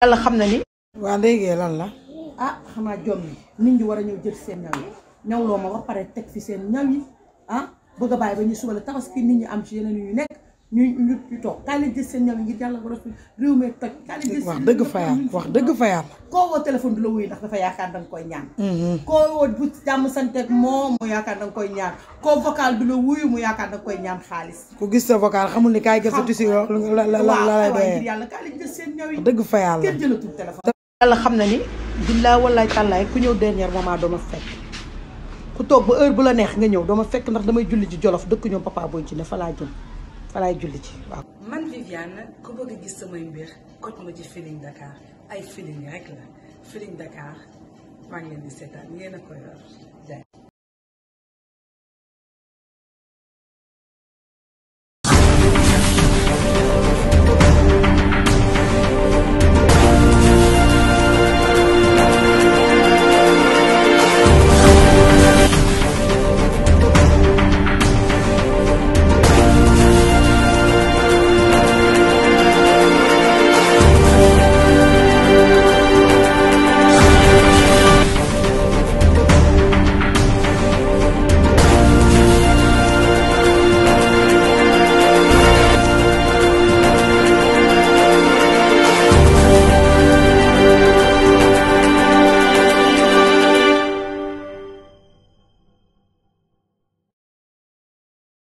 yàlla xam na ni. waa léegi lan la. ah xanaa jom yi nit ñi war a ñëw jël seen ñaw yi ñawloo ma wax pare teg fi seen ñaw yi ah bëgg a bàyyi ba ñu suba la ki nit ñi am ci yeneen yu nekk. ñuy ñu ñu toog kaa leen jël seen ñam ngir yàlla ko réew mi toj. dëgg fa wax dëgg fa yàlla. koo woo la wuyu ndax dafa yaakaar da nga koy ñaan. Mm-hmm. koo woo bu jàmm santeeg moom mu yaakaar da koy ñaan koo vocal du la wuyu mu yaakaar da nga koy ñaan xaalis. ku gis sa vocal xamul ni kaay gis sa tissu la la la yàlla seen ñaw dëgg fa yàlla kenn jëlatul téléphone. xam na ni billaa wallaay tàllaay ku ñëw dernier moment doo ma fekk ku toog ba heure bu la neex nga ñëw doo ma fekk ndax damay julli ci jolof dëkk ñoom papa booy ci ne fa laa jëm falaay julli ci waaw. man Viviane ku bëgg gis samay mbir koj ma ci Feeling Dakar ay Feeling rek la Feeling Dakar maa di seetaan yéen ko yor